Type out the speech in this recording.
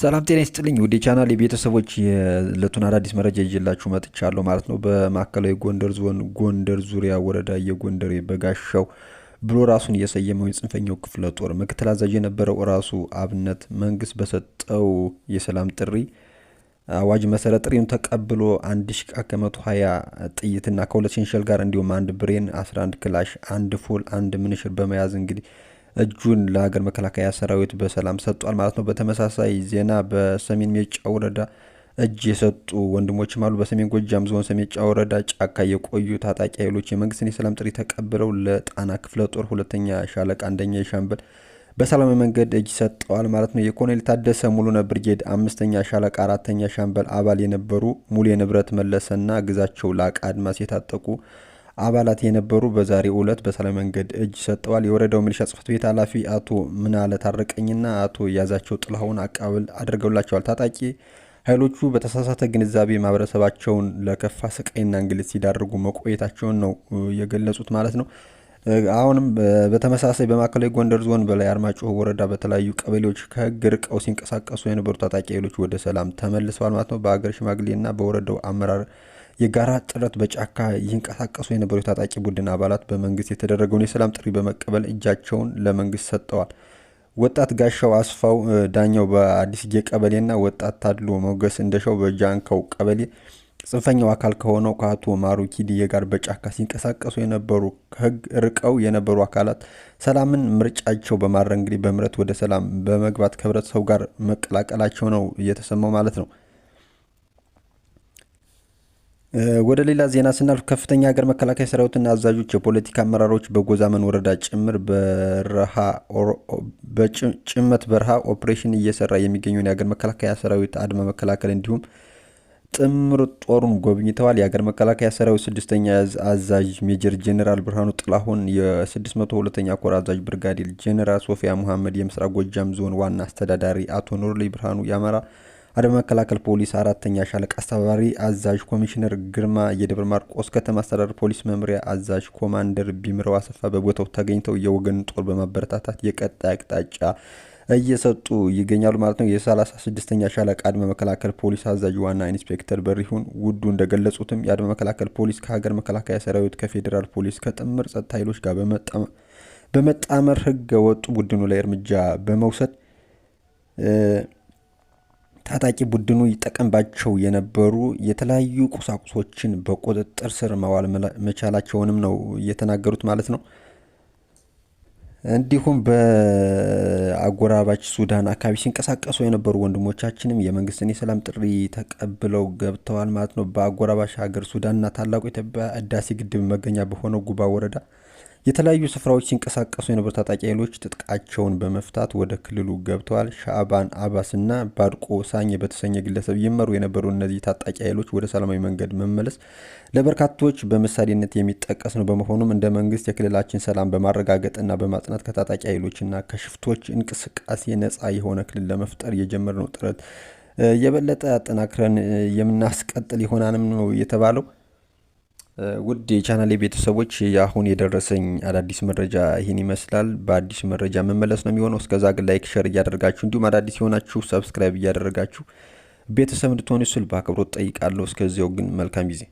ሰላም ጤና ይስጥልኝ ውዴ ቻናል የቤተሰቦች የዕለቱን አዳዲስ መረጃ ይዤላችሁ መጥቻለሁ ማለት ነው። በማዕከላዊ ጎንደር ዞን ጎንደር ዙሪያ ወረዳ የጎንደር በጋሻው ብሎ ራሱን እየሰየመው የጽንፈኛው ክፍለ ጦር ምክትል አዛዥ የነበረው ራሱ አብነት መንግስት በሰጠው የሰላም ጥሪ አዋጅ መሰረት ጥሪውን ተቀብሎ አንድ ሺ ከመቶ ሀያ ጥይትና ከሁለት ሸንሸል ጋር እንዲሁም አንድ ብሬን፣ 11 ክላሽ፣ አንድ ፉል፣ አንድ ምንሽር በመያዝ እንግዲህ እጁን ለሀገር መከላከያ ሰራዊት በሰላም ሰጥቷል ማለት ነው። በተመሳሳይ ዜና በሰሜን ሜጫ ወረዳ እጅ የሰጡ ወንድሞችም አሉ። በሰሜን ጎጃም ዞን ሰሜጫ ወረዳ ጫካ የቆዩ ታጣቂ ኃይሎች የመንግስትን የሰላም ጥሪ ተቀብለው ለጣና ክፍለ ጦር ሁለተኛ ሻለቃ አንደኛ የሻምበል በሰላማዊ መንገድ እጅ ሰጠዋል ማለት ነው። የኮሎኔል ታደሰ ሙሉነ ብርጌድ አምስተኛ ሻለቃ አራተኛ ሻምበል አባል የነበሩ ሙሉ የንብረት መለሰና ግዛቸው ላቀ አድማስ የታጠቁ አባላት የነበሩ በዛሬ ዕለት በሰላም መንገድ እጅ ሰጥተዋል። የወረዳው ሚሊሻ ጽፈት ቤት ኃላፊ አቶ ምናለ ታረቀኝና አቶ ያዛቸው ጥላሁን አቀባበል አድርገውላቸዋል። ታጣቂ ኃይሎቹ በተሳሳተ ግንዛቤ ማህበረሰባቸውን ለከፋ ስቃይና እንግልት ሲዳርጉ መቆየታቸውን ነው የገለጹት ማለት ነው። አሁንም በተመሳሳይ በማዕከላዊ ጎንደር ዞን በላይ አርማጭሆ ወረዳ በተለያዩ ቀበሌዎች ከህግ ርቀው ሲንቀሳቀሱ የነበሩ ታጣቂ ኃይሎች ወደ ሰላም ተመልሰዋል ማለት ነው። በሀገር ሽማግሌና በወረዳው አመራር የጋራ ጥረት በጫካ ይንቀሳቀሱ የነበሩ የታጣቂ ቡድን አባላት በመንግስት የተደረገውን የሰላም ጥሪ በመቀበል እጃቸውን ለመንግስት ሰጥተዋል። ወጣት ጋሻው አስፋው ዳኛው በአዲስጌ ቀበሌና ወጣት ታድሎ ሞገስ እንደሻው በጃንከው ቀበሌ ጽንፈኛው አካል ከሆነው ከአቶ ማሩ ኪድዬ ጋር በጫካ ሲንቀሳቀሱ የነበሩ ከህግ ርቀው የነበሩ አካላት ሰላምን ምርጫቸው በማድረግ እንግዲህ በምረት ወደ ሰላም በመግባት ከህብረተሰቡ ጋር መቀላቀላቸው ነው እየተሰማው ማለት ነው። ወደ ሌላ ዜና ስናልፍ ከፍተኛ የሀገር መከላከያ ሰራዊትና አዛዦች፣ የፖለቲካ አመራሮች በጎዛመን ወረዳ ጭምር ጭመት በረሃ ኦፕሬሽን እየሰራ የሚገኘውን የሀገር መከላከያ ሰራዊት አድማ መከላከል እንዲሁም ጥምር ጦሩን ጎብኝተዋል። የሀገር መከላከያ ሰራዊት ስድስተኛ አዛዥ ሜጀር ጄኔራል ብርሃኑ ጥላሁን፣ የ602ኛ ኮር አዛዥ ብርጋዴር ጄኔራል ሶፊያ ሙሐመድ፣ የምስራቅ ጎጃም ዞን ዋና አስተዳዳሪ አቶ ኑርልይ ብርሃኑ የአማራ አድማ መከላከል ፖሊስ አራተኛ ሻለቃ አስተባባሪ አዛዥ ኮሚሽነር ግርማ የደብረ ማርቆስ ከተማ አስተዳደር ፖሊስ መምሪያ አዛዥ ኮማንደር ቢምረው አሰፋ በቦታው ተገኝተው የወገን ጦር በማበረታታት የቀጣይ አቅጣጫ እየሰጡ ይገኛሉ ማለት ነው። የሰላሳ ስድስተኛ ሻለቃ አድማ መከላከል ፖሊስ አዛዥ ዋና ኢንስፔክተር በሪሁን ውዱ እንደገለጹትም የአድማ መከላከል ፖሊስ ከሀገር መከላከያ ሰራዊት ከፌዴራል ፖሊስ ከጥምር ጸጥታ ኃይሎች ጋር በመጣመር ህገ ወጡ ቡድኑ ላይ እርምጃ በመውሰድ ታጣቂ ቡድኑ ይጠቀምባቸው የነበሩ የተለያዩ ቁሳቁሶችን በቁጥጥር ስር መዋል መቻላቸውንም ነው እየተናገሩት ማለት ነው። እንዲሁም በአጎራባች ሱዳን አካባቢ ሲንቀሳቀሱ የነበሩ ወንድሞቻችንም የመንግስትን የሰላም ጥሪ ተቀብለው ገብተዋል ማለት ነው። በአጎራባች ሀገር ሱዳንና ታላቁ የኢትዮጵያ ህዳሴ ግድብ መገኛ በሆነው ጉባ ወረዳ የተለያዩ ስፍራዎች ሲንቀሳቀሱ የነበሩ ታጣቂ ኃይሎች ትጥቃቸውን በመፍታት ወደ ክልሉ ገብተዋል። ሻዕባን አባስና ባድቆ ሳኝ በተሰኘ ግለሰብ ይመሩ የነበሩ እነዚህ ታጣቂ ኃይሎች ወደ ሰላማዊ መንገድ መመለስ ለበርካቶች በምሳሌነት የሚጠቀስ ነው። በመሆኑም እንደ መንግስት የክልላችን ሰላም በማረጋገጥና በማጽናት ከታጣቂ ኃይሎችና ከሽፍቶች እንቅስቃሴ ነፃ የሆነ ክልል ለመፍጠር የጀመርነው ጥረት የበለጠ አጠናክረን የምናስቀጥል ይሆናንም ነው የተባለው። ውድ የቻናሌ ቤተሰቦች አሁን የደረሰኝ አዳዲስ መረጃ ይህን ይመስላል። በአዲስ መረጃ መመለስ ነው የሚሆነው። እስከዛ ግን ላይክ፣ ሸር እያደረጋችሁ እንዲሁም አዳዲስ የሆናችሁ ሰብስክራይብ እያደረጋችሁ ቤተሰብ እንድትሆኑ ስል በአክብሮት ጠይቃለሁ። እስከዚያው ግን መልካም ጊዜ